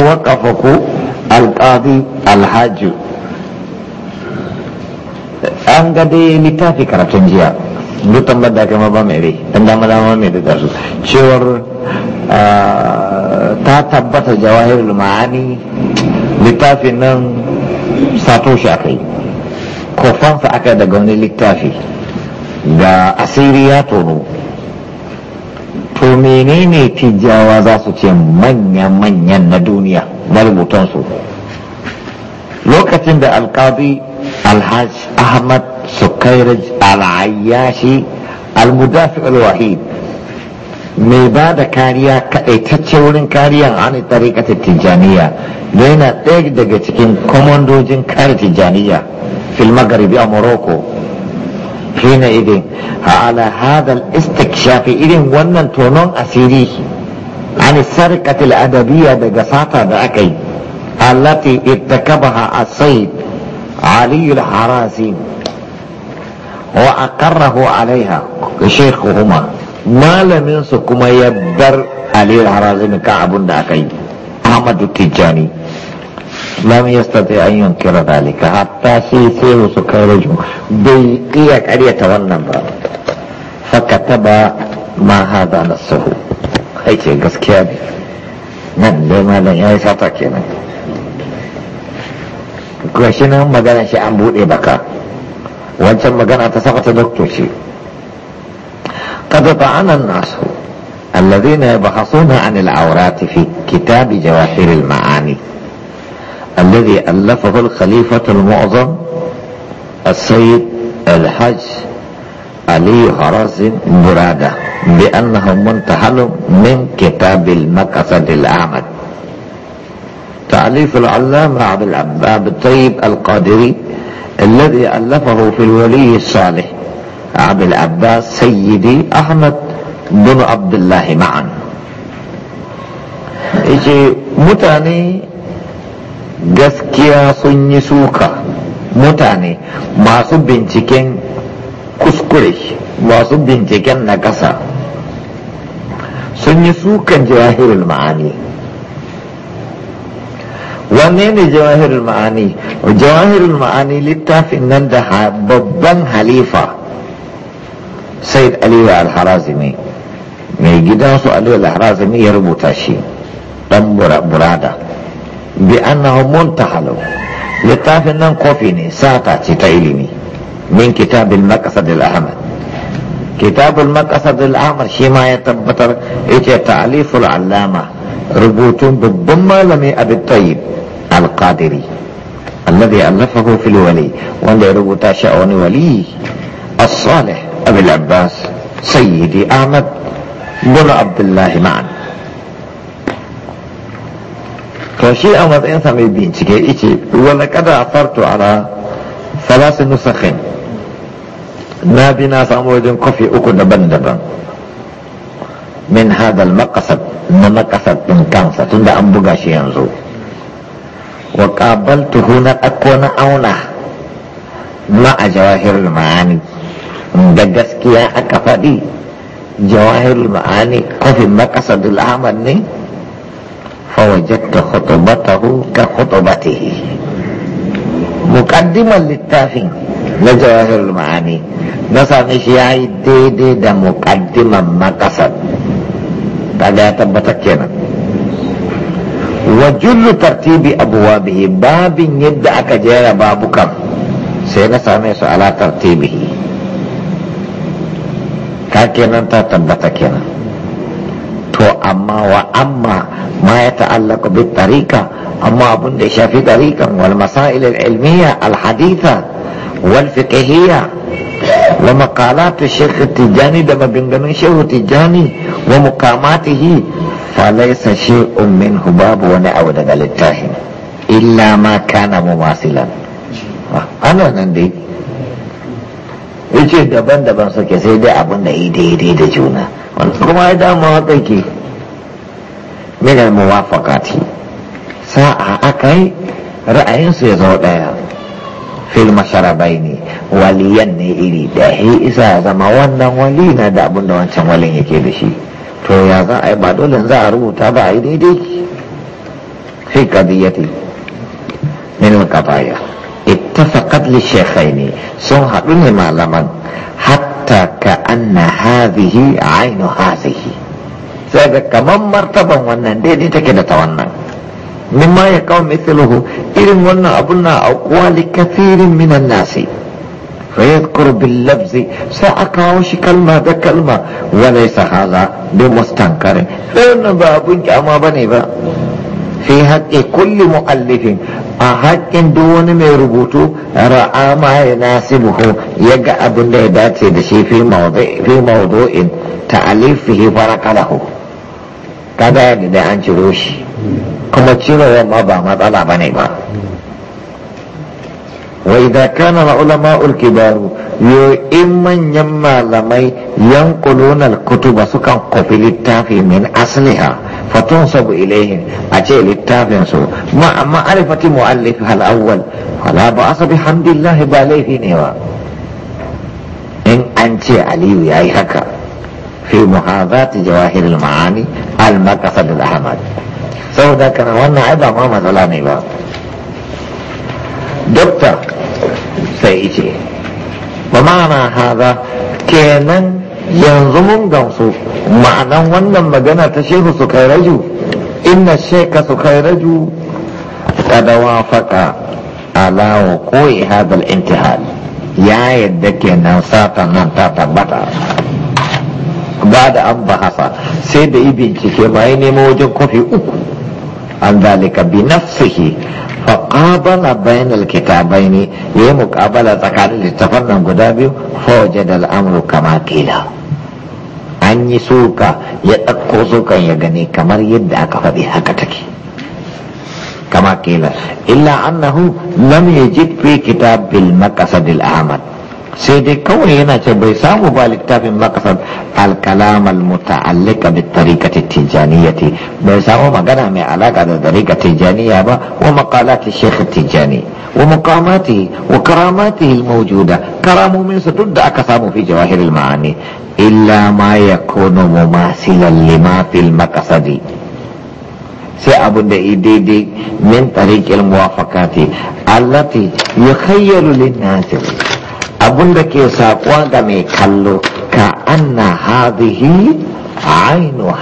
waƙafa ko alƙadi alhaji an ga dai littafi karatun jiya duk tambar da kama ba mai rai dan dama dama mai da su cewar ta tabbata jawahirul ma'ani littafin nan sato shi aka yi kofansa aka daga wani littafi da asiri ya tono to menene Tijjawa za su ce manya-manyan na duniya na lokacin da alkadi alhaj ahmad sukairaj al'ayyashi almudafi alwahid mai ba da kariya kaɗaitacce wurin kariya a ne tarikatar tijjaniya da yana ɗaya daga cikin komandojin kare tijjaniya fil magharibi a morocco hina idin ala hadal istikshafi irin wannan tonon asiri an sarkatil adabiyya daga sata da aka yi allati ittakabaha as-sayyid ali al-harasi wa aqarrahu alaiha shaykhuhuma malamin su kuma ya bar ali al-harasi kan abun da aka yi ahmadu tijjani لم يستطيع أن ينكر ذلك حتى سيسير سكيرج بيقيك أن يتولى فكتب ما هذا نصه أي شيء قسكيان nan dai malam ya yi sata kenan gashi nan magana shi an buɗe baka wancan magana ta saka الذين يبحثون عن العورات في كتاب جواهر المعاني الذي ألفه الخليفة المعظم السيد الحاج علي هرازم مرادة بأنه منتحل من كتاب المقصد الأعمد تعليف العلامة عبد الطيب القادري الذي ألفه في الولي الصالح عبد العباس سيدي أحمد بن عبد الله معا يجي متاني gaskiya sun yi suka mutane masu binciken kuskure masu binciken na sun yi sukan jawahirul ma'ani wanne ne jawahirul ma'ani jawahirul ma'ani littafin nan da babban halifa said aliyu al-harazimi mai gidansu aliyu al-harazimi ya rubuta shi dan burada بأنه منتحل لطاف أن قفيني ساقع تتعلمي من كتاب المقصد الأحمد كتاب المقصد الأحمد شما يتبطر إيجا تعليف العلامة ربوت بالضم لم أبي الطيب القادري الذي ألفه في الولي وأن ربوت شأون ولي الصالح أبي العباس سيدي أحمد بن عبد الله معنا to a matsayinsa mai bincike ice wala kada farto ala salasin nusakhin na bi na samu wajen kofi uku daban-daban min hadal makasar na makasar ɗin kansa tunda an buga shi yanzu wa tuhu na ɗakko na auna ma a jawahirul ma'ani da gaskiya aka faɗi jawahirul ma'ani kofin makasar ahmad ne fawajadta waje ka khutubatihi muqaddiman littafin na jawahirul ma'ani na sami shi ya yi daidai da muqaddiman maqasad daga ya tabbata kenan wa jullu tartibi abwabihi babin yadda aka jera babukan sai na same su ala tartibihi ka kenan ta tabbata kenan to amma wa amma ma ya ta'allaka bi tariqa amma abun da ya shafi tariqan wal masail al ilmiya al haditha wal fiqhiyya wa maqalat shaykh tijani da maganganun shaykh tijani wa muqamatihi fa laysa shay'un minhu babu wani abu daga littafi. illa ma kana mumasilan ana ah, nan dai ce daban-daban suke sai dai abin da daidai da juna kuma ya dama haka ke minal muwafaqati sa'a akai ra'ayinsu ya zo ɗaya fil masharabai ne waliyan ne iri ɗaya isa ya zama wannan wali na da abin da wancan walin yake da shi to ya za a yi ba dole za a rubuta ba a yi daidai fi kadiyyati min kafaya اتفقت للشيخين سن هدون معلما حتى كأن هذه عين هذه سيدا كمان مرتبا وانا دي دي تكيدة وانا مما يقوم مثله إذن وانا أبونا أقوال كثير من الناس فيذكر باللفظ سأكاوش كلمة بكلمة وليس هذا بمستنكر فإن بابن جامع بني با fi haƙƙi kulli muƙallifin a haƙƙin duk wani mai rubutu ra'a ma ya buhu ya ga abin da ya dace da shi fi mawdu'in ta'alifihi farakalahu kada ya da an ciro shi kuma cirowa ma ba matsala ne ba wai da وإذا كان in manyan malamai yan لمي kutuba sukan sukan قفل min min ha. فتنصب إليهم أجي للتابع سو ما عرفة مؤلفها الأول فلا بأس بحمد الله باليه نوا إن أنت علي يا هكا في محاذاة جواهر المعاني المقصد للأحمد سو ذاك أنا وانا عبا ما مثلاني با دكتور سيئتي ومعنى هذا كينن yanzu mun gamsu ma'anan wannan magana ta shehu su kai raju inna sheka su kai raju kada wafaka ala wa koyi hadal intihal ya yadda kenan satan nan ta tabbata ba da an bahasa sai da yi bincike ba ya nemo wajen kofi uku an zalika bi nafsihi fa qabala bayna alkitabaini yayi muqabala tsakanin littafan nan guda biyu fa wajada al-amru kama qila an yi suka ya ɗauko sukan ya gani kamar yadda aka faɗi haka take kama kila illa annahu lam yajid fi bil maqasad al ahmad sai dai kawai yana ce bai samu ba littafin maqasad al kalam al muta'alliq bi tariqati tijaniyyati bai samu magana mai alaka da tariqati tijaniya ba wa maqalat shaykh tijani ومقاماته وكراماته الموجودة كرام من ستد أكسام في جواهر المعاني إلا ما يكون مماثلا لما في المقصد sai abin da daidai min tariƙin muwafakati allati ya khayyaru linnasir abin da ke saƙuwa ga mai kallo ka anna hadihi ainu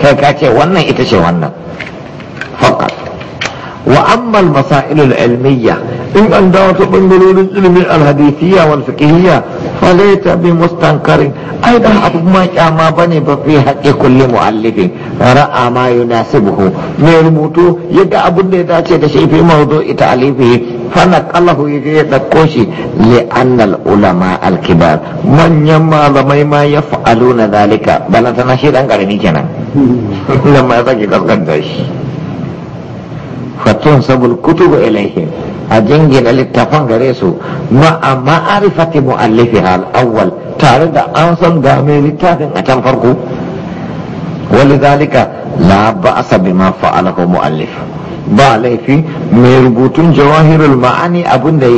kai ka ce wannan ita ce wannan wa ammal masailul ilmiya in an dawo ta bangarorin ilimin alhadithiyya wal fiqhiyya fa laita bi mustankarin ai dan abu ma kyama bane ba fi haqi kulli muallifin ra'a ma yunasibuhu mai rubutu yadda abin da ya dace da shi fi mawdu ita alifi fana kala yaje ya dauko shi li annal ulama alkibar manyan malamai ma yaf'aluna zalika bana tana shi dan karimi kenan hmm. nan ma zaki kaskanta shi fatun sabul kutubu ilaihim a jingina littafan gare su ma'a ma'arifati mu'allifi al-awwal tare da an san ga mai littafin a can farko ولذلك لا ma بما فعله مؤلف ba laifi mai rubutun jawahirul ma'ani abin da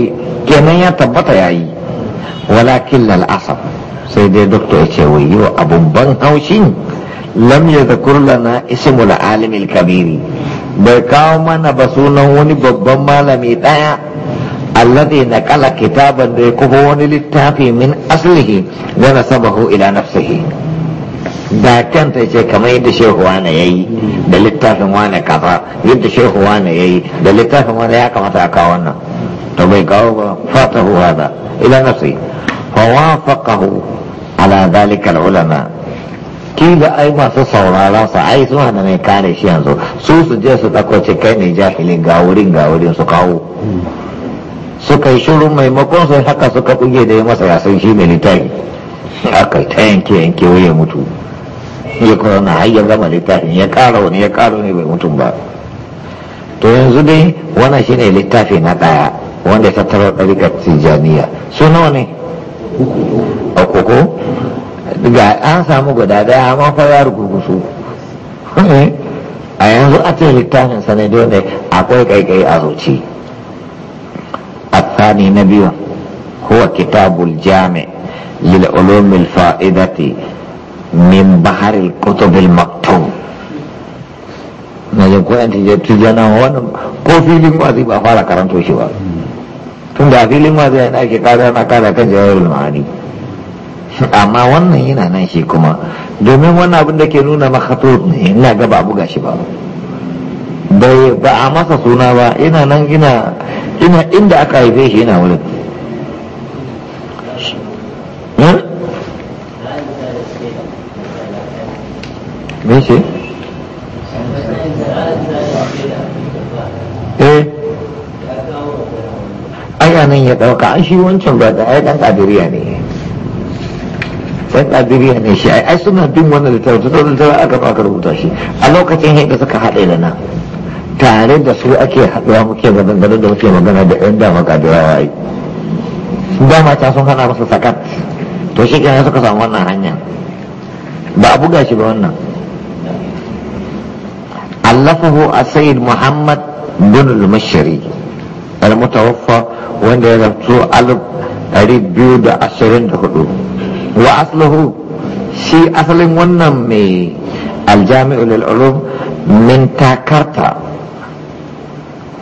kenan ya tabbata yayi walakin lal asaf sai dai doktor ya ce wayo abun ban haushi? lam yadhkur lana ismul alimil kabiri bai kawo mana ba sunan wani babban malami ɗaya alladhi naqala kitaban da ya kuma wani littafi min aslihi wa nasabahu ila nafsihi da kanta ce kamar yadda shehu wane yayi da littafin wani kaza yadda shehu wani yayi da littafin wani ya kamata a kawo wannan to bai kawo ba fatahu hada ila nafsi fa wafaqahu ala dhalika al ulama kila ai masu sauraron sa ai suna da mai kare shi yanzu su su je su ɗauko ce kai ne jahilin ga wurin ga wurin su kawo hmm. suka yi shirin maimakon sai haka suka kuge da ya masa yasan shi mai litafi haka ta yanke yanke waye mutu ya kuma na har ya gama littafin ya ƙara wani ya ƙara wani bai mutum ba to yanzu dai wannan shine littafi na daya wanda ya tattara ɗarikar tijaniya su nawa ne a koko ga an samu guda daya amma fa ya rugurgusu a yanzu a ce littafin sanadiyo ne akwai kaikai a zuci الثاني نبي هو كتاب الجامع للعلوم الفائدة من بحر الكتب المكتوب na jin ko yanci je tijana wannan ko filin wazi ba fara karanto shi ba tun da filin wazi yana ake kara na kara kan jawabin amma wannan yana nan shi kuma domin wannan abin da ke nuna makhatut ne ina ga ba buga shi ba bai ba a masa suna ba ina nan ina ina inda aka haife shi ina wurin eh? me ce? eh aya nan ya dauka an shi wancan ba da ai dan kadiriya ne yan ɗabiriya ne shi ai suna bin wannan littafin ta littafin aka aka rubuta shi a lokacin yadda suka haɗe da nan tare da su ake haɗuwa muke maganganu da muke magana da yan dama kadirawa ai dama ta sun hana masa sakat to shi kenan suka samu wannan hanya ba a buga shi ba wannan allafahu a sayid muhammad bin al-mashari al-mutawaffa wanda ya zartu alif ɗari biyu da asirin da hudu وأصله شيء أصل ونمي الجامع للعلوم من تاكرتا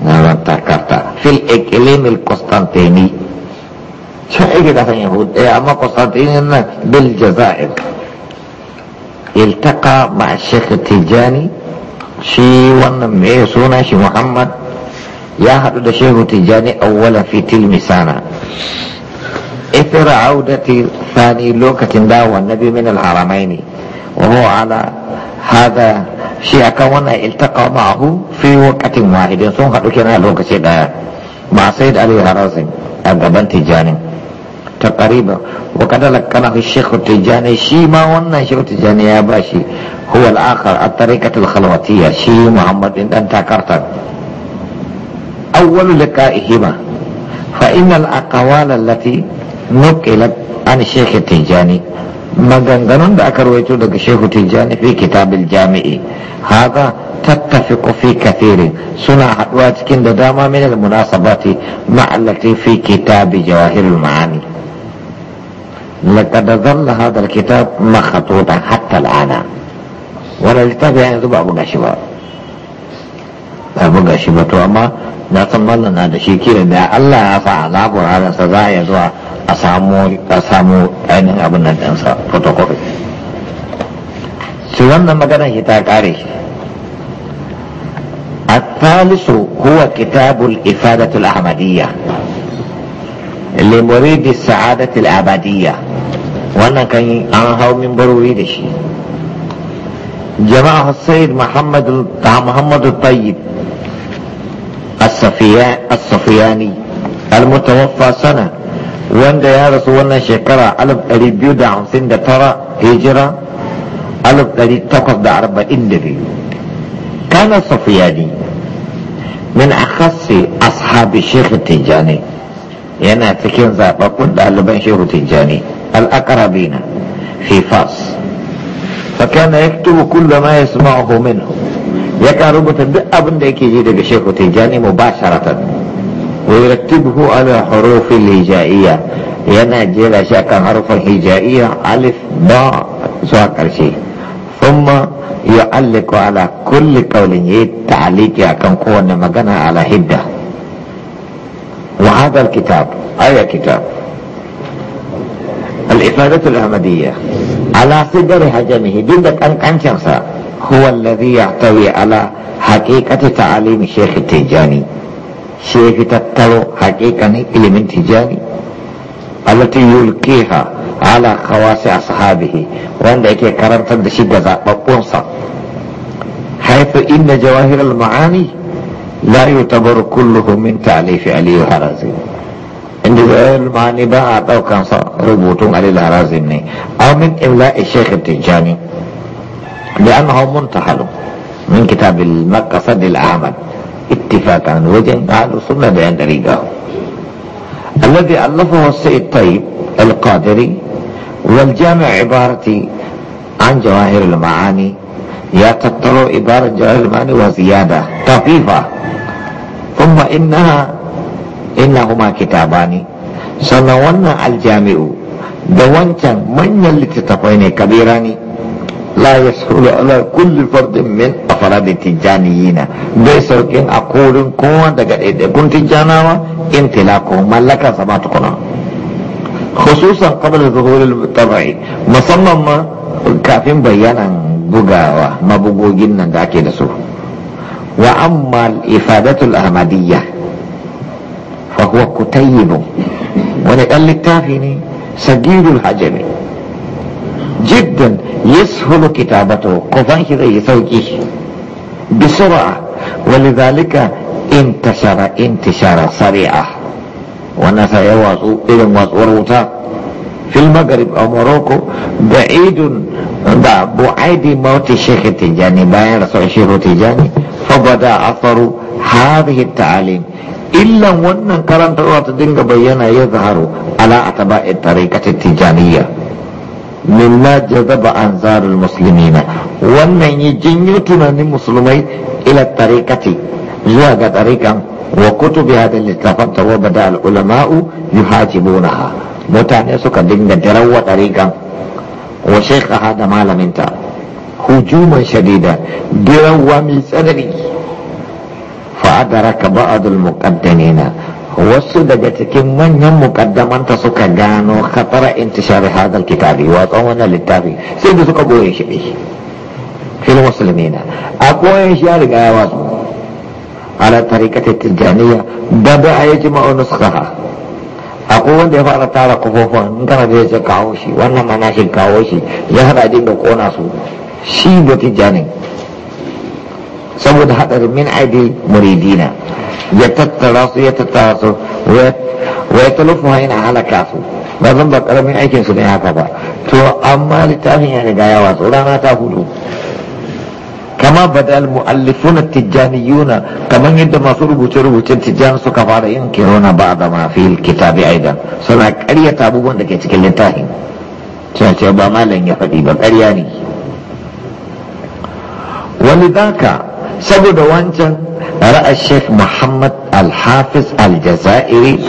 نعم تاكرتا في الإقليم القسطنطيني شو إيه كده سن يهود إيه أما قسطنطيني بالجزائر التقى مع الشيخ التجاني شي ونمي إيه، سونا شي محمد يا حدود الشيخ التجاني أولا في تلمسانا إثر عودة ثاني لوكة داوى النبي من الحرمين وهو على هذا شيء كون التقى معه في وقت واحد ثم قد كان لوكة دا مع سيد علي هرازم أبدا تجاني تقريبا وقد لكنا في الشيخ التجاني شي ما ونا شيخ التجاني يا باشي هو الآخر الطريقة الخلوتية شي محمد أن تكرتك أول لقائهما فإن الأقوال التي nukilat an shekhi tijani maganganun da aka rawaito daga shehu Tijani fi kitabil jami'i haza tattafiqu fi kathirin suna haduwa cikin da dama min al munasabati ma'allati fi kitabi jawahir al ma'ani laqad dhalla hadha al kitab makhtutan hatta al ana wala littafi yanzu ba buga shi ba ba buga ba to amma na san da shi kira da Allah ya sa azabur hadan sa za ya zuwa a samu a samu ainihin abin nan ɗansa photocopy su wannan magana shi ta ƙare الثالث هو كتاب الإفادة الأحمدية لمريد السعادة الأبدية وانا كان أنهو من بروي دشي جمعه السيد محمد محمد الطيب الصفياني المتوفى سنة wanda ya rasu wannan shekara 259 hijira 1842 kana safiyani min a ashabi shekhu tijjani yana cikin zaɓaɓɓun ɗaliban shehu tijjani al'akarabina fi fas fakana ya tubu kulla ma ya suma homin. ya rubuta duk abin da yake ji daga shehu tijjani mu ba sharatan ويرتبه على حروف الهجائية ينا جيلا شاكا حروف الهجائية ألف باء سواكر شيء ثم يعلق على كل قول تعليق يكون قوة مغنى على هدة وهذا الكتاب أي كتاب الإفادة الأحمدية على صدر هجمه جدك أن كان هو الذي يحتوي على حقيقة تعاليم الشيخ التيجاني شيء تتلو حقيقة هي من تجاري التي يلقيها على خواص أصحابه وعندك كرمت الدشدة بقونصة حيث إن جواهر المعاني لا يعتبر كله من تعليف علي الهرازي عند جواهر المعاني باع أو كان ربوتون علي الهرازي أو من إملاء الشيخ التجاني لأنه منتحل من كتاب المقصد الأعمد اتفاقا وجه هذا ثم بين طريقه الذي ألفه السيد طيب القادري والجامع عبارتي عن جواهر المعاني يا تطلو عبارة جواهر المعاني وزيادة طفيفة ثم إنها إنهما كتابان سنوانا الجامع دوانتا من يلتتقين كبيران لا يسهل على كل فرد من afradin tijjaniyina bai saukin a korin kowa daga ɗaiɗaikun tijjanawa in mallakar sa ba tukuna khususan qabla zuhuril tabai musamman ma kafin bayanan bugawa mabugogin nan da ake da su wa amma ifadatul ahmadiyya fa huwa kutayyib wani dan littafi ne sagirul hajami jiddan yashulu kitabatu kufan shi zai sauki بسرعة ولذلك انتشر انتشار سريعا والناس يواصوا إلى وروتا في المغرب أو موروكو بعيد بعيد موت الشيخ التجاني باين رسول الشيخ التجاني فبدا أثر هذه التعاليم إلا وأن كرنت الله تدنك بيانا يظهر على أتباع الطريقة التجانية mimma jazaba anzarul muslimina wannan ya jinyo tunanin musulmai ila tariqati zuwa ga tariqan wa kutubi hada littafan da bada al ulama'u yuhajibunaha mutane suka dinga darawa tariqan wa shaykhaha da malaminta hujuman shadida dirawa mai tsanani fa adraka ba'd al muqaddamina wasu daga cikin manyan mukaddamanta suka gano khatara intishar hadal kitabi watsan wannan littafi sai da suka goye shi ne fil musulmina a koyon shi ya riga ya watsu ala tarikatar tijjaniya da da a yaji ma'aunin suka ha akwai wanda ya fara tara kofofin in kana da ya kawo shi wannan mana shi kawo shi ya hada da kona su shi da tijjanin saboda haɗar min aidi muridina ya tattara su ya tattara su wa ya talufu hanyar halaka su ba zan ba ƙaramin aikin su ne haka ba to amma littafin ya riga yawa su rana ta hudu kama badal mu'allifun tijjaniyuna kamar yadda masu rubuce-rubucen tijjani suka fara yin kirona ba da mafi kitabi aidan suna ƙaryata abubuwan da ke cikin littafin suna ce ba malam ya faɗi ba ƙarya ne wani zaka saboda wancan ra'a Sheikh Muhammad Al-Hafiz Al-Jazairi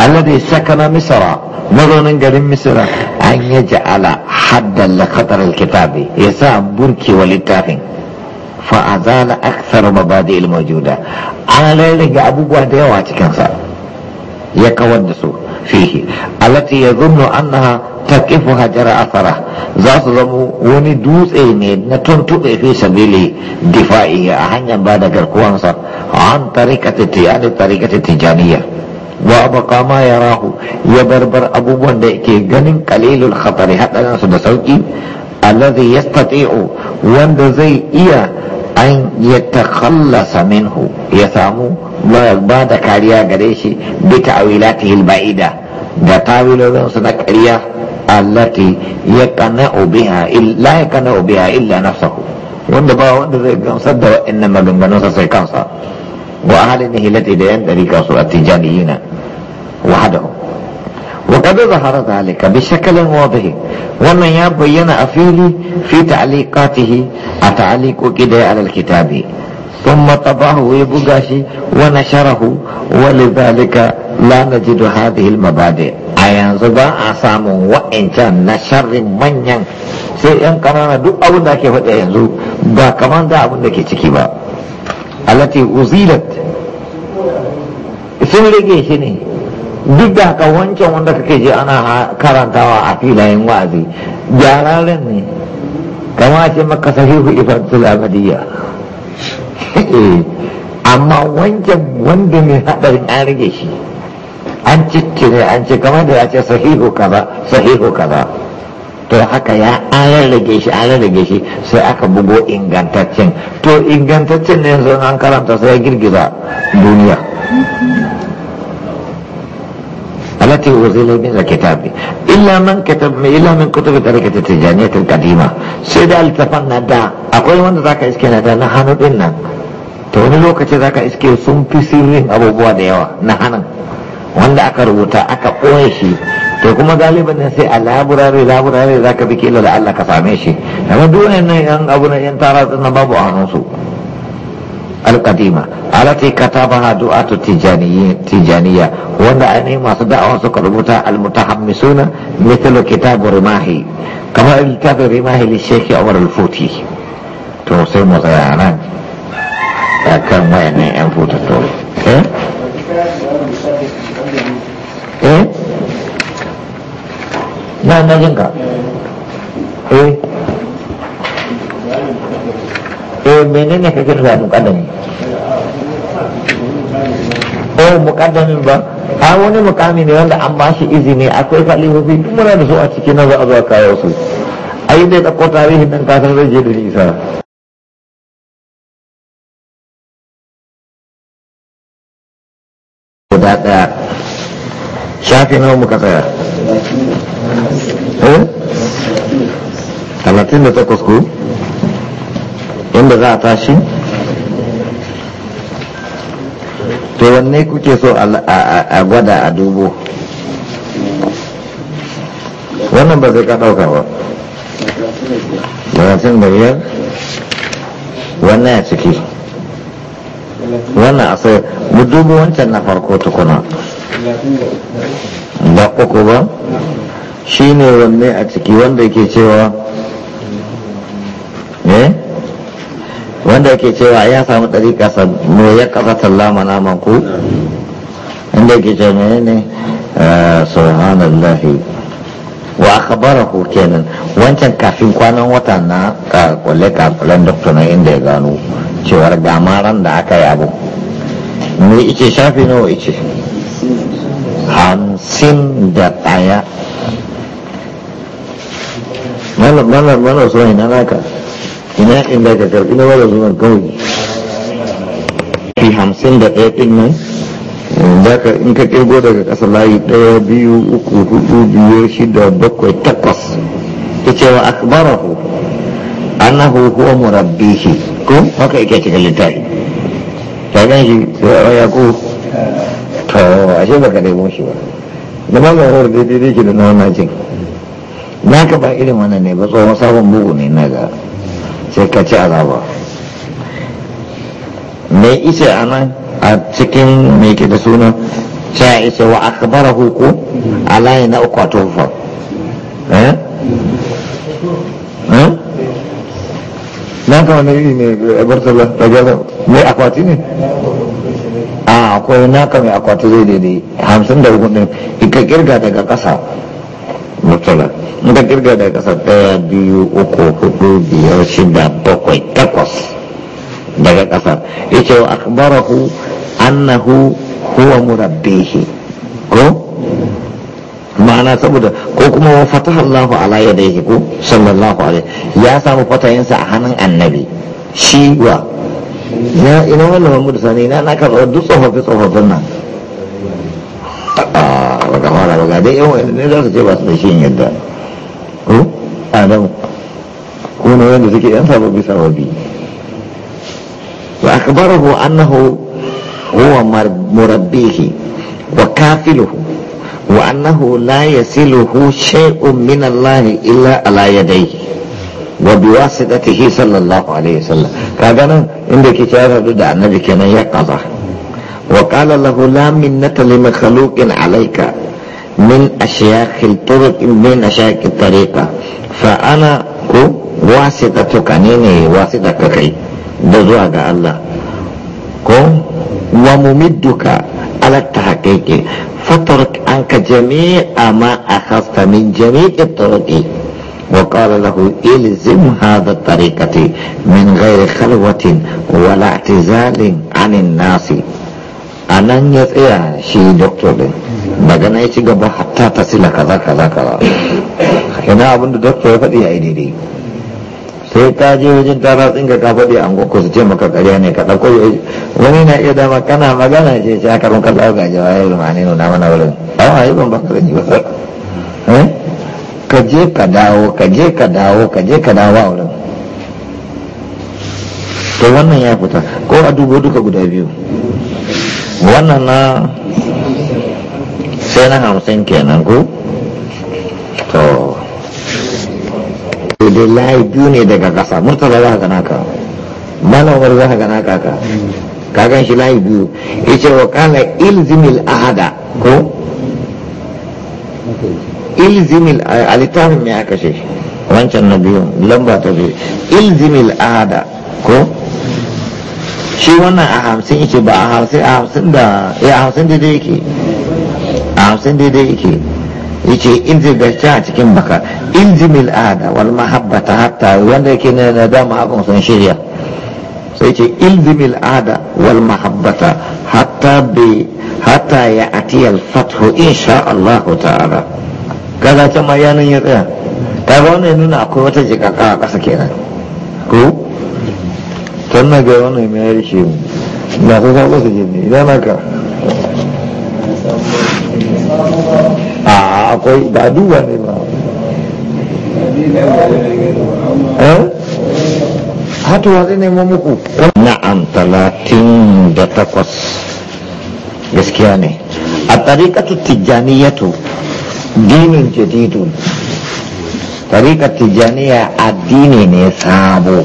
alladhi sakana Misra mazaunin garin Misra an ya ja'ala haddan la khatar al-kitabi yasa burki wa littafin fa azala akthar mabadi al-mawjuda an rage abubuwa da yawa cikin sa ya kawar da su fihi allati yadhunnu annaha taqifu hajara asara za su zamo wani dutse ne na tuntuɓe fi sabili difa'i a hanyar ba da garkuwansa an tarikata tiyani tarikata tijaniya wa abqa ma yarahu ya barbar abubuwan da yake ganin kalilul khatari hadarin su da sauki alladhi yastati'u wanda zai iya an yatakhallasa minhu ya samu ba da kariya gare shi bi ta'wilatihi al-ba'ida da tawilolin su na kariya. allati yaqna'u biha illa yaqna'u wanda ba wanda zai gamsar da wa'annan maganganunsa sai kansa wa ahalin hilati da yan dariƙa su a tijaniyina wahadahu وقد ظهر ذلك بشكل واضح وما يبين أفيلي في تعليقاته أتعليق كده على الكتاب ثم طبعه ويبقاشي ونشره ولذلك لا نجد هذه المبادئ a yanzu ba a samun wa'ancan na sharrin manyan sai yan ƙanana duk abin da ake faɗi yanzu ba kamar da abin da ke ciki ba alati uzilat sun rage shi ne duk da haka wancan wanda kake je ana karantawa a filayen wa'azi gyararren ne kama ce maka sahihu ibrahim abadiyya eh, amma wancan wanda mai haɗarin an rage shi an ciccire an ce kamar da ya ce sahihu kaza sahihu kaza to haka ya an da shi an da shi sai aka bugo ingantaccen to ingantaccen ne yanzu an karanta sai ya girgiza duniya Alati التي أنزل من الكتاب إلا من كتب إلا من كتب تركة da. القديمة سيدا التفنا دا أقول من ذاك إسكينا دا din nan. to wani lokaci za ka iske sun fi sirrin abubuwa da yawa na hannun wanda aka rubuta aka ɓoye shi to kuma galiban ne sai a laburare laburare za ka bi kila da Allah ka same shi amma duniyan ne yan abu na yan tara na babu a su alqadima alati katabaha du'atu tijaniya wanda ainihin masu da'awa suka rubuta almutahammisuna mithlu kitab rimahi kamar kitab rimahi li shekhi umar al-futi to sai mu tsaya nan kan wayannan yan futattu eh eh na na jin ¿Eh? eh eh menene kake da mukaddami ko oh, mukaddamin ba a ni mukami ne wanda an ba shi izini akwai kalifofi duk muna da su a cikin na za a zuwa kawo su ai zai tsakko tarihin nan kasar zai je da nisa guda ɗaya shafi nawa muka tsaya talatin da takwas ku inda za a tashi to wanne kuke so a gwada a dubo wannan ba zai ka ɗauka ba talatin da biyar wannan ya ciki wannan a sai mu dubu wancan na farko tukuna da uku ba shi ne wanne a ciki wanda ke cewa eh wanda ke cewa ya samu ɗari ƙasa mu ya ƙasa tallama naman ku inda ke ce ne ne eh, subhanallahi wa ku kenan wancan kafin kwanan wata na kwalle kwallen doktor na inda ya gano cewar gamaran da aka yi abu me ice shafi nawa ice hamsin da ɗaya mana mana mana so ina naka ina inda ka karɓi na mana zuwan kawai fi hamsin da ɗaya ɗin nan zaka in ka kirgo daga ƙasa layi ɗaya biyu uku hudu biyar shida bakwai takwas ta ce wa akbarahu annahu huwa murabbihi ko haka yake cikin littafi ta gan shi ya ko to ashe ba ka nemo shi ba da ba mai daidai da ke da na wannan jin na ka ba irin ne tsohon sabon bugu ne na sai ka ci a a cikin suna wa akbara huku alayi na uku a tofa eh? Eh? na ka ne a barsala akwati ne a ah, akwai naka mai akwati zai daidai hamsin da hukunin. ka kirga daga kasa mutala in ka kirga daga kasa daya biyu uku hudu biyar shida bakwai takwas daga kasa yace wa akbarahu annahu huwa murabbihi ko ma'ana saboda ko kuma wa fataha Allahu ala yadayhi ko sallallahu alaihi ya samu fatayensa a hannun annabi shi wa ya ina wannan mamu da sani na na karɓar duk tsofaffi tsofaffin nan ah, a wata mara daga dai yan wani ne za su ce ba su da shi yadda ko adam ko ne wanda suke yan sababbi sababbi wa akbarahu annahu huwa murabbihi wa kafiluhu wa annahu la yasiluhu shay'un min Allah illa ala yadayhi wa biwasitatihi sallallahu alaihi wasallam kaga nan inda ke cewa da annabi kenan ya kaza wa qala lahu la minnata li makhluqin alayka min ashyakh al-turuq min ashyakh al-tariqa fa ana ku wasitatuka ne ne wasitaka kai da zuwa ga Allah ko wa mumidduka ala tahqiqi fatark anka jami'a ma akhasta min jami'i at-turuqi وقال له الزم هذا الطريقة من غير خلوة ولا اعتزال عن الناس أنا نيت إيه شي دكتور لي بعدين أي شيء قبل حتى تصل كذا كذا كذا هنا أبن دكتور فدي أي دي سي تاجي وجن تراث إنك كابو دي أنغو كوسجى ما كعريا نك كذا كوي إيه؟ وني نا إيه يدا ما كنا ما جانا شيء إيه شاكر كذا كذا جواي لمانين ونامنا ولن أوه أي بمبكرني بس ها ka je ka dawo ka je ka dawo ka je ka dawo a wurin to wannan ya fita ko a duka guda biyu wannan na sai na hamsin kenan to biyu ne daga kasa murtala za gana ka za gana ka ka ka gan shi biyu wa ilzimil ahada ko ilzimil a littafin mai aka shi wancan na biyu lamba ta biyu ilzimil ada ko shi wannan a hamsin yake ba a hamsin a hamsin da ya hamsin daidai yake a hamsin daidai yake yake inji da shi a cikin baka ilzimil ada wal mahabbata hatta wanda yake na nadama abin sun shirya sai ce ilzimil ada wal mahabbata hatta bi hatta ya atiyal fathu insha Allah ta'ala kaga can ma yanan ya tsaya ta ga wannan nuna akwai wata jikaka a ƙasa kenan ko nuna ga wannan mai ya shi sun sa kusa ke ne idan aka a akwai ba duba ne ba eh? hatu wa zai nemo muku an talatin da takwas gaskiya ne a tariƙatu tijjaniyatu dinin jadidun tariƙar tijjaniya addini ne sabo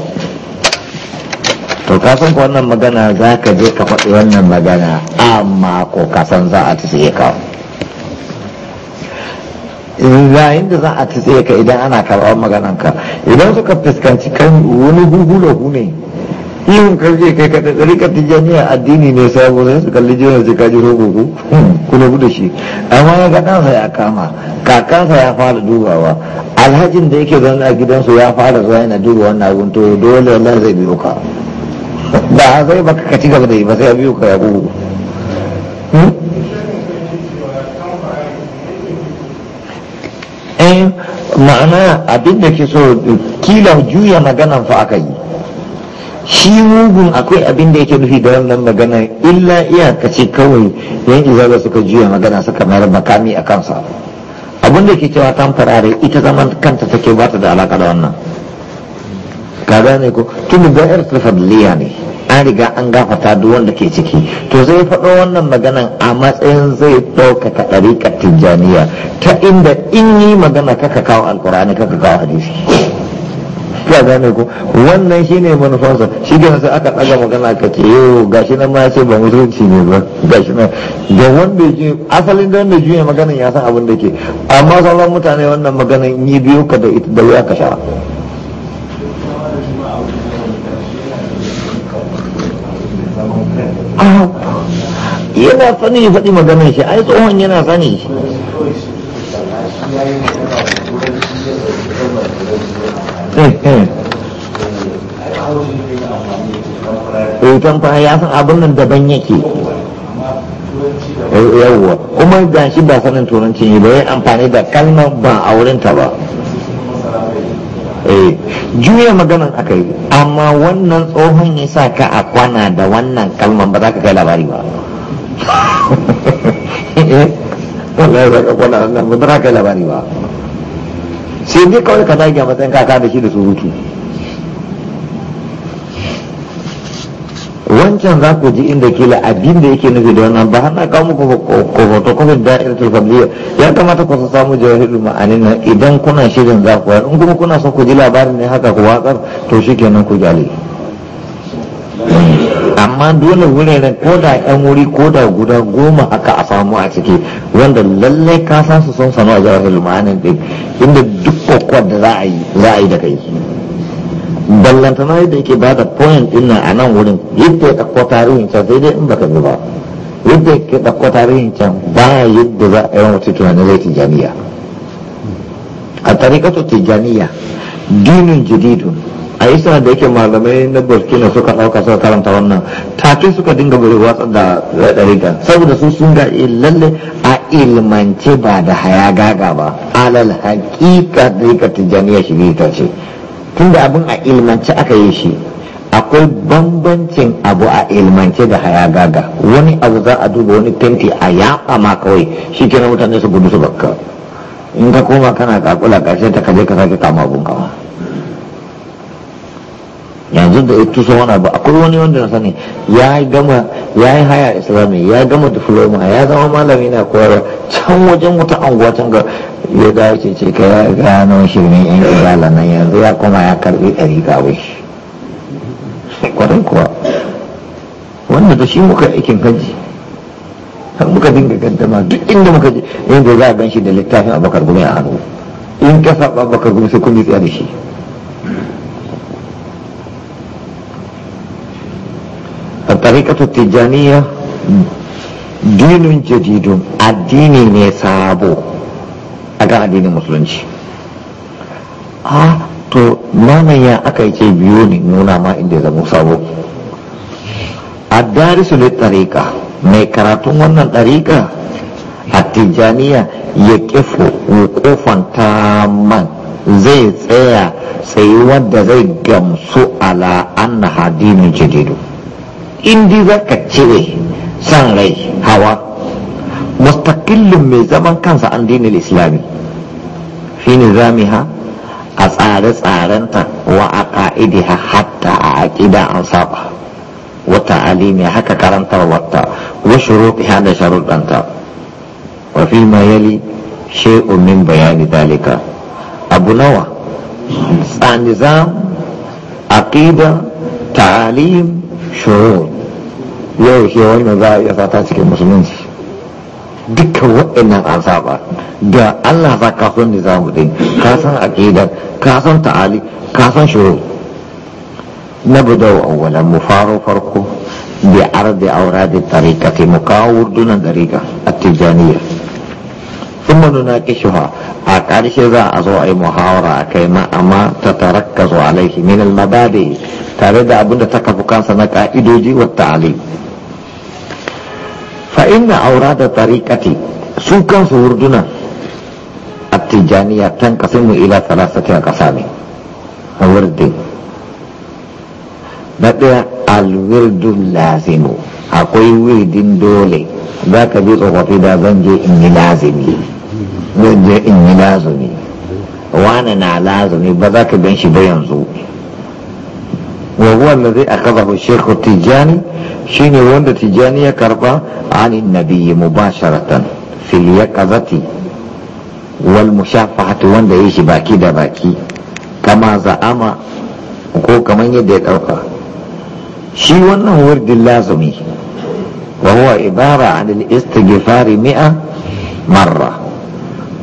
to kasan ku wannan magana za ka je ka faɗi wannan magana amma ko kasan za a tsaye ka yayin da za a ci ka idan ana karɓar magananka idan suka fuskanci kan wani hulhula ne yin karfe kai kada tsarika tijjaniya addini ne samu sai su kalli juna su kaji hukuku, ku hmm, kuna gudu shi amma ya ga ɗansa ya kama kakansa ya fara dubawa alhajin da yake zaune a gidansu ya fara zuwa yana duba wannan abin to dole wallahi zai biyo ka ba zai baka ka ci gaba da yi ba sai ya biyo ka ya gugu ma'ana abin da ke so kila juya maganan fa aka yi shi mugun akwai abin da yake nufi da wannan magana illa iyakaci kawai yan izaga suka juya magana suka mayar makami a kansa abin da ke cewa kan farare ita zaman kanta take bata da alaka da wannan ka gane ko tun da yar fadliya ne an riga an gafata duk wanda ke ciki to zai faɗo wannan maganan a matsayin zai ɗaukaka ɗariƙar tijjaniya ta inda in yi magana kaka kawo alkur'ani kaka kawo hadisi ya gane ku wannan shine manufansa shi da sai aka ɗaga magana ka ce yo gashi nan ma ce ba musulunci ne ba gashi nan da wanda ke asalin da wanda juya maganan ya san abin da ke amma sauran mutane wannan maganan yi biyu ka da ita da ya ka sha ah, yana sani ya faɗi maganar shi ai tsohon yana sani hoton eh, eh. eh, fa ya san abin nan daban yake. Yawwa, kuma ga shi ba sanin turanci ne ba ya amfani da kalmar ba a wurinta ba. Juya maganar aka yi, amma wannan tsohon ya sa ka a kwana da wannan kalmar ba za ka kai labari ba. wannan ya za ka kwana da wannan ba za ka kai labari ba. sai dai kawai ka zage a matsayin kaka da shi da surutu wancan za ku ji inda kila abin da yake nufi da wannan ba hana kawo muku kofoto kofin da'ir tulfabiyya ya kamata ku su samu jawahirul ma'anin nan idan kuna shirin za ku in kuma kuna son ku ji labarin ne haka ku watsar to shi kenan ku jale. amma dole ne ko da yan wuri ko da guda goma aka a samu a ciki wanda lallai ka san su sun sanu a jawahir ma'anin din inda duk kokwa da za a yi za a yi da kai ballantana yadda yake ba da point din nan a nan wurin yadda ya ɗauko tarihin can sai dai in baka bi ba yadda ya ɗauko tarihin can ba yadda za a yi wata tunanin zai tijaniya a tarikatu tijaniya dinin jadidun a yi da yake malamai na burkina suka ɗauka suka karanta wannan take suka dinga bari watsa da ɗariga saboda su sun ga eh, lalle a ilmance ba da haya gaga ba alal haƙiƙa ɗariga tijjaniya shi ta ce tunda abin a ilmance aka yi shi akwai bambancin abu a ilmance da haya gaga wani abu za a duba wani fenti a yaɓa ma kawai shi kenan mutane su gudu su bakka in ka koma kana kakula kashe ta kaje ka sake kama abun kama yanzu da ita sun wani abu akwai wani wanda na sani ya gama ya yi haya islami ya gama diploma ya zama malami na koyarwa can wajen wata anguwa can ga ya dawo ce ce ka ya gano shirin yan ibala nan yanzu ya kuma ya karbi ɗari ga wai kwarai kuwa wanda da shi muka aikin kaji har muka dinga gaddama duk inda muka je yanzu za a gan shi da littafin abakar gumi a hannu in ka saba abakar gumi sai kun yi da shi الطريقة التجانية jaridu ne sabo a ga addinin Musulunci. A ah, to mamaya aka yi ce biyu ne nuna ma inda zama sabo a darisu ne tarika mai karatun wannan tarika a tijjaniya ya kifo kofan man zai tsaya sai wanda zai gamsu ala na dinin jadidu indiza ka cire san rai hawa mustaqillin mai zaman kansa an dinin islami fi nizamiha a tsare-tsarenta wa a ƙa'idiha hatta a aƙida an saba wata alimi haka karantar wata wa shuruɗiha da sharuɗanta wa fi ma yali shay'un min bayani dalika abu nawa tsanizam aqida ta'alim shurut yau ke wannan za a iya sata cikin musulunci dukkan waɗannan an saba da allah za ka son ne za mu dai ka san aƙidar ka san ta'ali ka san shuru na budau awwalan mu faro farko bi ardi auradi tariqati mu kawo wurdunan dariqa at-tijaniyya thumma nunaqishuha a ƙarshe za a zo a yi muhawara a kai ma amma ta tarakkazu alaihi min al-mabadi tare da abinda ta kafu kansa na ka'idoji wa ta'alim fa inna aurada tariqati su kansu hurduna attijaniya tan kasimu ila thalathati aqsami awrdin na ɗaya alwirdun lazimu akwai wirdin dole za ka ji tsofaffi da zan je in yi lazimi zan je in yi lazumi wani na lazumi ba za ka gan shi ba yanzu wa huwa allazi akhadahu shaykhu tijani shine wanda tijani ya karba anin nabiyyi mubasharatan fil yaqazati wal mushafahati wanda yi shi baki da baki kama za'ama ko kamar yadda ya dauka shi wannan wurdin lazumi wa huwa ibara an al-istighfari mi'a marra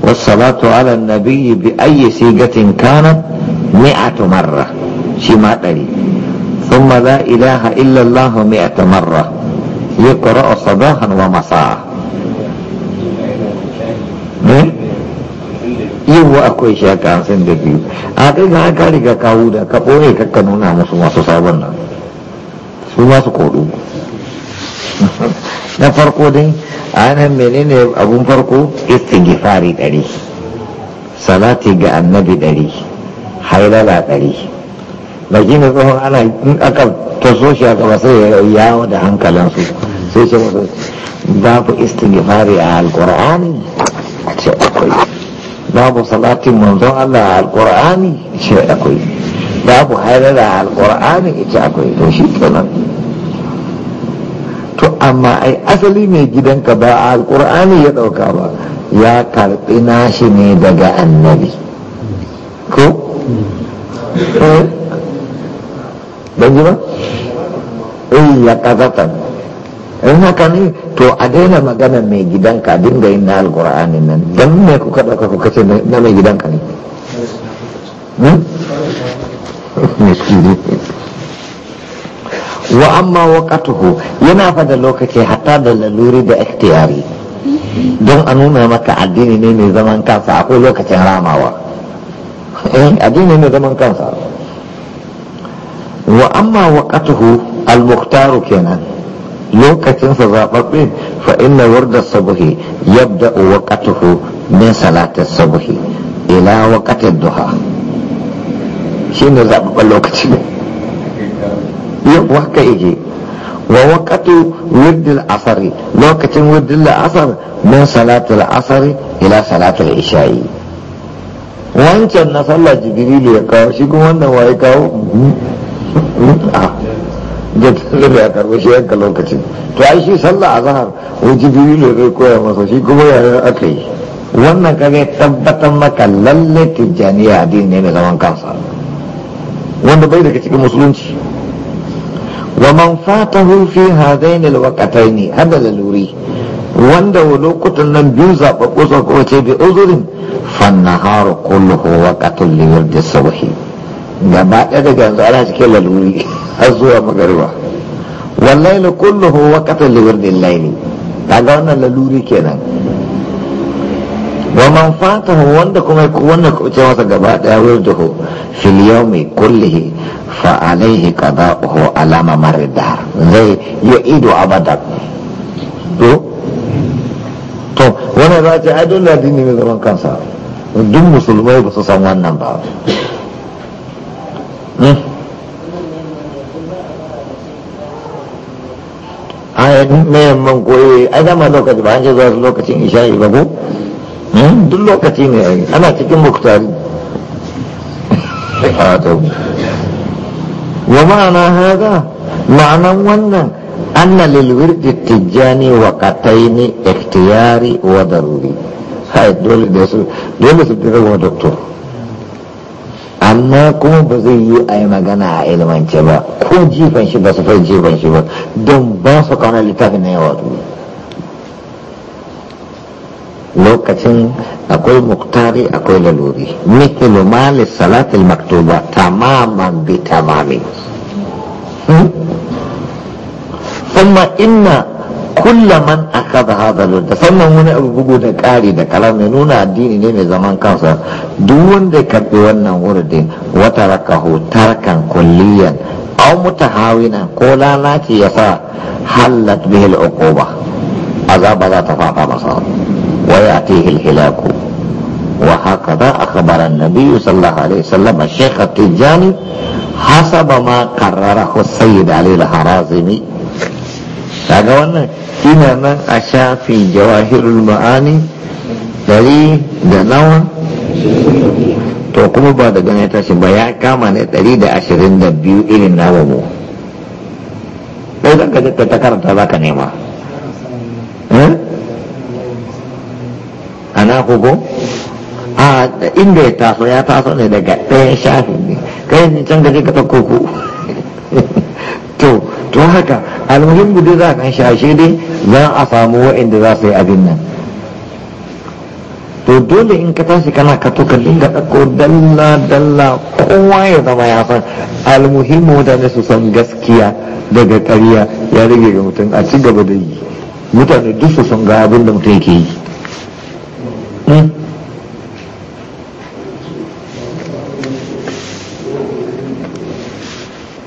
والصلاة على النبي بأي سيقة كانت مئة مرة شي ما تري ثم لا إله إلا الله مئة مرة يقرأ صباحا ومساء yiwuwa akwai shi haka hamsin da biyu a kai ga haka riga kawo da ka ɓoye kakka nuna musu masu sabon su masu kodo na farko dai anan menene abun farko istighfari ɗari salati ga annabi ɗari hailala ɗari ba da tsohon ana in aka taso shi aka ba sai yawo da hankalinsu sai ce musu babu istighfari a alkur'ani a ce akwai babu salatin manzon Allah a alkur'ani a ce akwai babu hairar a alkur'ani a ce akwai to shi kenan to amma ai asali mai gidanka ba a alkur'ani ya dauka ba ya karbi nashi ne daga annabi ko hmm. eh. ban ji ba eh ya kazatan in haka ne to a daina magana mai gidanka a dinga yin na alkur'ani nan don me kuka ɗauka kuka ce na mai gidanka ne wa amma ƙatuhu yana fa da lokaci hatta da laluri da ikhtiyari don a nuna maka addini ne mai zaman kansa akwai lokacin ramawa eh addini ne zaman kansa wa amma waqatuhu al-mukhtaru kenan lokacin sa zababbe fa inna warda subhi yabda waqatuhu min salati subhi ila waqati duha shine lokaci ne yau yake ووقت ود العصر وقت ود العصر من صلاة Wancan إلى صلاة العشاء ya kawo shi kuma wannan وانا kawo. jaddalar ya karbo shi yanka lokacin to ai shi sallah a zahar wajibi ne zai koya masa shi kuma ya aka yi wannan kare tabbatar maka lalle tijjaniya addini ne mai zaman kansa wanda bai daga cikin musulunci wa man fatahu fi hadaini alwaqataini hada luri? wanda wa lokutan nan biyu zaɓaɓɓu sa kuma ce bi uzurin fannaharu kulluhu waqatul liwar da sabahi gaba ɗaya daga yanzu ana cikin laluri har zuwa magariba wallahi kulluhu waqatan laini layli ga wannan laluri kenan wa man fatahu wanda kuma wanda ku ce masa gaba daya wirduhu fil yawmi kullihi fa alaihi qada'uhu alama mamar zai yu'idu abada to to wannan zai ta ai dole addini ne zaman kansa duk musulmai ba su san wannan ba ai mayan mun koyi ai dama lokacin ba an ce zuwa lokacin isha'i ba ko hmm? duk lokaci ne ana cikin muktari wa ma'ana haza ma'anan wannan anna lil wirdi tijjani wa qataini ikhtiyari wa daruri hai dole da su dole su fita ga doktor amma kuma ba zai yi a yi magana a ilimance ba ko jifan shi ba su fai jifan shi ba don ba su kawo littafi na yawa lokacin akwai muktari akwai laluri mikilu mali salatul maktuba tamaman bi tamami ثم إن kulla man hada hadha da sannan wani abu bugu da ƙari da kalam mai nuna addini ne mai zaman kansa duk wanda ya karbi wannan wurdin wata rakahu tarkan kulliyan aw mutahawina ko lalaci ya sa hallat bihi al-uquba azaba za ta fada masa wa ya'tihi al-hilaku wa hakada akhbara an-nabi sallallahu alaihi wasallam shaykh at-tijani hasaba ma qarrarahu sayyid ali al kaga wannan ina nan a shafi jawahirul ma'ani dari da nawa to kuma ba da gane tashi ba ya kama ne dari da ashirin da biyu irin nawa mu ɗaukar da ta takarata za ka nema eh? na kogo a inda ya taso ya taso ne daga ɗayan shafi ne kai ne can gaje ka ta koko to to haka almuhim dai za kan shashe dai za a samu wa'inda za su yi abin nan to dole in ka tashi kana ka to ka dinga ɗauko dalla dalla kowa ya zama ya san almuhim mutane su san gaskiya daga ƙarya ya rage ga mutum a ci gaba da yi mutane duk su san ga abin da mutum yake yi hmm?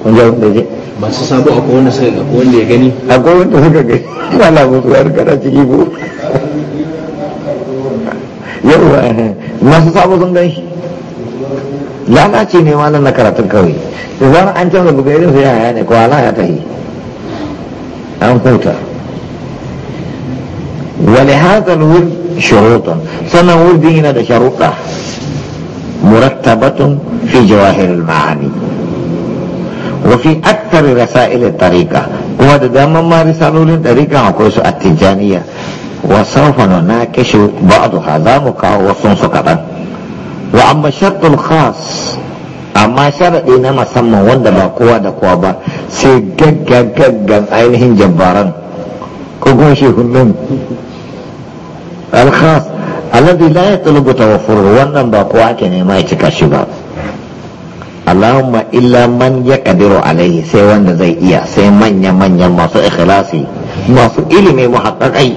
kun ji masu sabo akwai wanda suka ga wanda ya gani akwai wanda suka gani wala musu har kada ciki ko yau eh, masu sabo sun gani lalace ne malam na karatun kawai da zan an canza buga irin su yaya ne ko ala ya tahi an huta wani hazan wur shurutan sannan wurdin yana da sharuɗa murattabatun fi jawahirul ma'ani wafi aktar rasailin tarika kuma da damar ma risalolin tarika akwai su a tijjaniya wa saufa na kashe ba'duha za mu kawo wasu su kaɗan wa amma shartul khas amma sharaɗi na musamman wanda ba kowa da kowa ba sai gaggagaggan ainihin jabbaran ko kuma shehunan alkhas alladhi la yatlubu wannan ba kowa ake nema ya cika shi ba Allahumma illa man ya kadiru alaihi sai wanda zai iya sai manya-manyan masu ikhlasi masu ilimi muhaqqaqai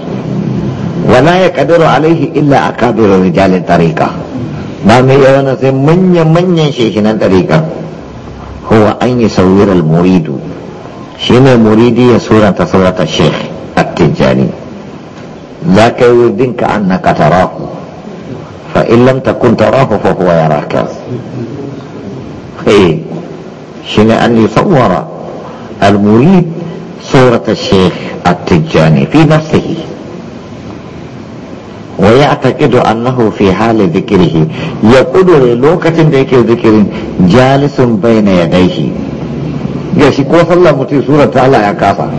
wala ya kadiru alaihi illa akabiru rijalin tariqa ba mai iya wannan sai manya-manyan shekinan tariqa huwa an yi al muridu shi ne muridi ya surata surata sheikh at-tijjani za ka yi wurdinka annaka tarahu fa in lam takun tarahu fa huwa yaraka ايه شنو ان يصور المريد صورة الشيخ التجاني في نفسه ويعتقد أنه في حال ذكره يقول للوكة ذكر ذكر جالس بين يديه يشي كو صلى متي سورة على يا كافا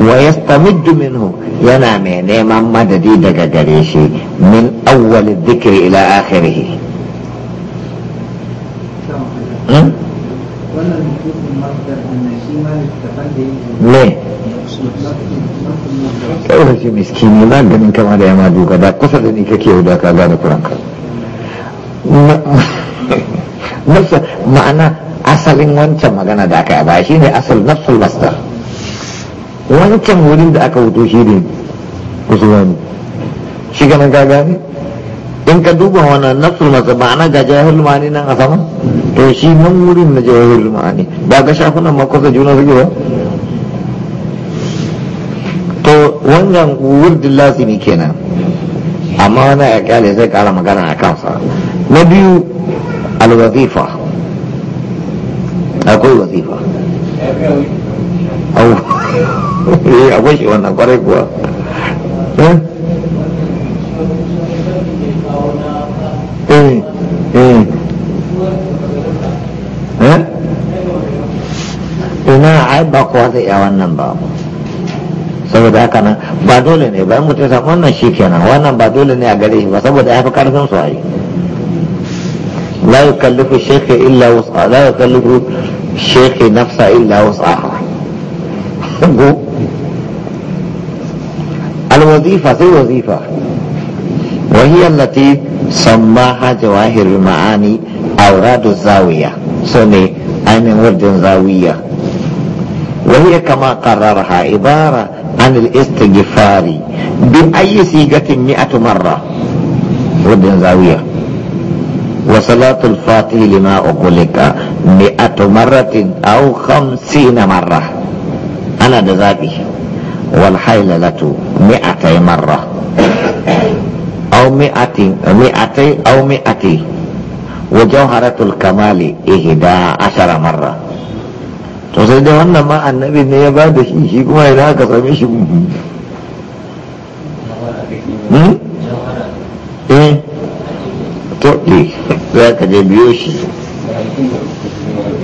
ويستمد منه ينامي نيما مددي دقا قريشي من أول الذكر إلى آخره Hmm? ne kawai ce miskini ba ganin kama da yama duka da kusa da ni kake yau da ka gane kuranka nafsa ma'ana asalin wancan magana da aka yaba shi ne asal nafsul masdar wancan wurin da aka wuto shi ne kusurwani shi ganin ka gane in ka duba wani nafsul masu ma'ana ga jahil ma'ani nan a sama to shi nan wurin na jahil ma'ani ba ga shafunan makwasa juna suke ba to wannan wurdin lasimi kenan amma wani a kyale zai kara magana a kansa na biyu alwazifa akwai wazifa eh, akwai shi wannan kwarai kuwa eh? Eh? ina ai ba kowa zai iya wannan ba saboda haka nan ba dole ne bayan mutum sa wannan shi kenan wannan ba dole ne a gare shi ba saboda ya fi karfin su ai la yukallifu shaykha illa wus'a la yukallifu shaykha nafsa illa wasu go al wazifa sai wazifa وهي التي سماها جواهر المعاني أوراد الزاوية سوني أين ورد زاوية وهي كما قررها عبارة عن الاستغفار بأي سيجة مئة مرة ورد زاوية وصلاة الفاتح لما لك مئة مرة أو خمسين مرة أنا دزابي والحيلة مئتي مرة أو مئة مئتي أو مئتي وجوهرة الكمال إهدى عشر مرة to sai dai wannan ma annabi ne ya ba da shi shi kuma idan aka same shi hmm? eh to ɗi eh, za ka je biyo shi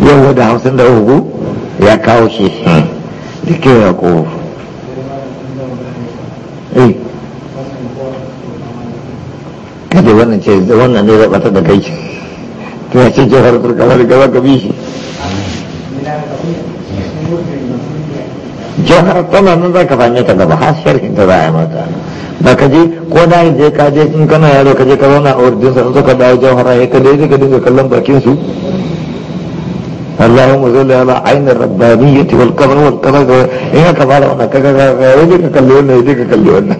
yau da hamsin da hugu ya kawo shi hmm? da ke ya ko eh kada wannan ce wannan ne zai da kai to ya ce har burkama da gaba ka bi shi jihar tana nan za ka ta gaba har sharhin ta za a yi mata ba ka je ko da je ka je in kana yaro ka je ka zauna a wurin sa suka dawo jawhara ya ka dai ka dinga kallon bakin su اللهم صل على عين الربانية والقدر والقدر ga بعد ka كذا wannan يديك ka يديك wannan.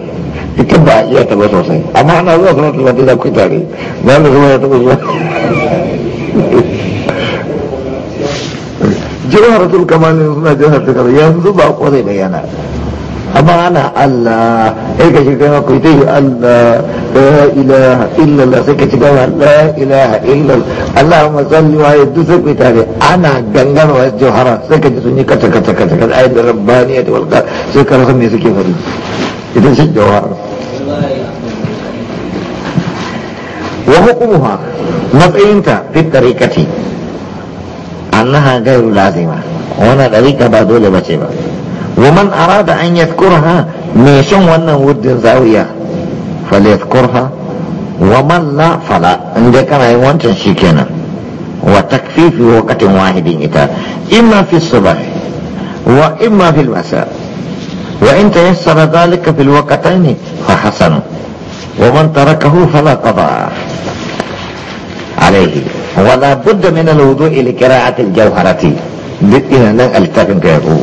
ita ba a iya taba sosai amma ana zuwa kuma ta zafi zafi tare ba da kuma ya taba zuwa jihar tul kamalin suna jihar ta kaza yanzu ba ko zai bayyana amma ana Allah eh ka shiga ma itu Allah la ilaha illallah saya ka shiga la ilaha illallah Allahumma salli wa ya duk sai kuita anak ganggan wa jihar sai saya ji sunyi yi kata kata kata kata ayyar rabbaniyat wal qad sai ka rasa me suke faɗi ita ce jawar wa hukumuha matsayinta fi tariqati annaha gairu lazima wannan dariqa ba dole bace ba Waman man arada an yadhkurha me shan wannan wuddin zawiya falyadhkurha wa man la fala inda kana yin wancan shikenan wa takfifi waqtin wahidin ita imma fi wa وإن تيسر ذلك في الوقتين فحسن ومن تركه فلا قضاء عليه ولا بد من الوضوء لقراءة الجوهرة بدنا التقن غيره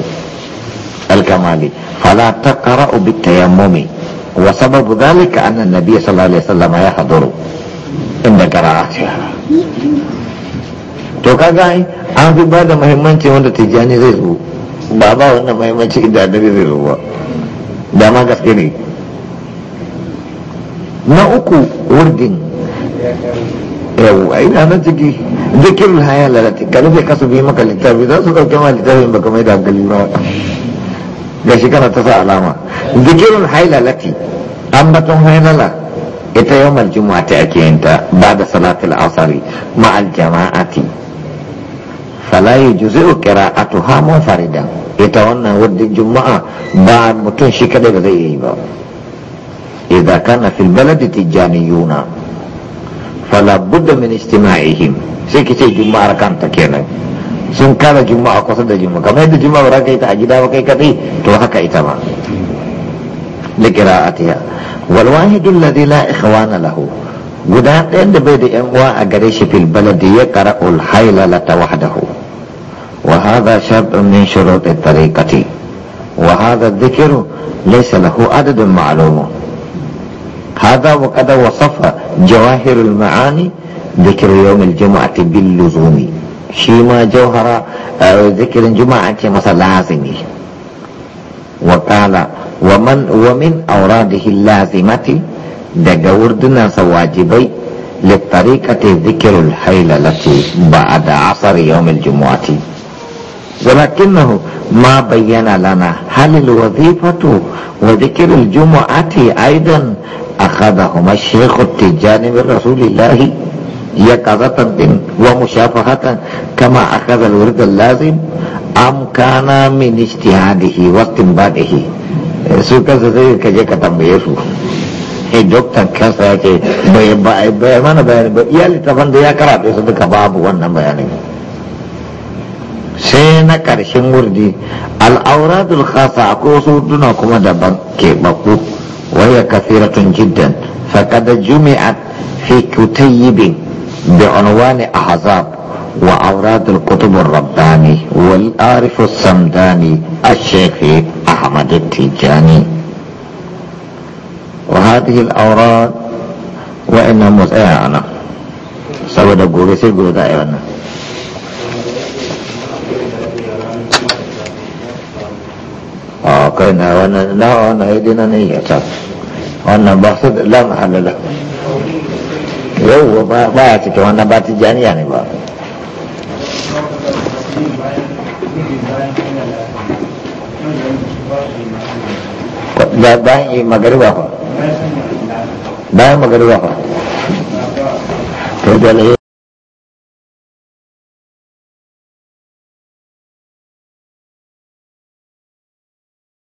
الكمالي فلا تقرأ بالتيمم وسبب ذلك أن النبي صلى الله عليه وسلم يحضر عند قراءتها تو كاغاي ان في ba da muhimmanci wanda tijjani ba ba wannan mahimmanci da annabi zai zo ba dama gaske ne na uku wurdin yau a ina nan ciki zikirin haya lalata gani zai kasu bi maka littafi za su ɗauke ma littafin baka mai da hankali ba ga shi kana ta sa alama zikirin haya lalati ambaton hainala ita yau juma'a ta ake yinta ba da salatul asari ma'al jama'ati fala yujzi'u qira'atuha munfaridan ita wannan wadda juma'a ba mutum shi kadai ba zai yi ba idza kana fil baladi tijaniyuna fala budda min istima'ihim sai kice juma'ar kanta kenan sun kara juma'a kusa da juma'a kamar yadda juma'a ba kai ta a gida ba kai kadai to haka ita ma da qira'atiha wal wahidu alladhi la lahu guda ɗayan da bai da yan uwa a gare shi fil baladi ya qara'ul haylalata wahdahu وهذا شرط من شروط الطريقة وهذا الذكر ليس له عدد معلوم هذا وقد وصف جواهر المعاني ذكر يوم الجمعة باللزوم شيما جوهر آه، ذكر الجمعة مثلا لازم وقال ومن ومن أوراده اللازمة دقوردنا سواجبي للطريقة ذكر الحيلة التي بعد عصر يوم الجمعة ولكنه ما بين لنا هل الوظيفة وذكر الجمعة أيضا أخذهما الشيخ التجاني من رسول الله يقظة ومشافهة كما أخذ الورد اللازم أم كان من اجتهاده واستنباده su kansa sai ka je ka tambaye su sai doktan kansa ya ce bai mana bayani ba iya littafan da ya karaɗe su duka babu wannan bayanin sai na ƙarshen wurdi al'auradul khasa akwai wasu duna kuma daban keɓaɓɓu waya kafiratun jiddan faƙada jumi'at fi kutayyibin bi unwani ahzab wa auradul kutubur rabbani wal arifu samdani ash-shaykh ahmad tijani wa hadhihi al-awrad wa inna musa'ana saboda gobe sai gobe da ayyana a kai na wannan na wannan ya dina ne ya ta wannan ba su yau ba ba ya cikin wannan ba tijaniya yi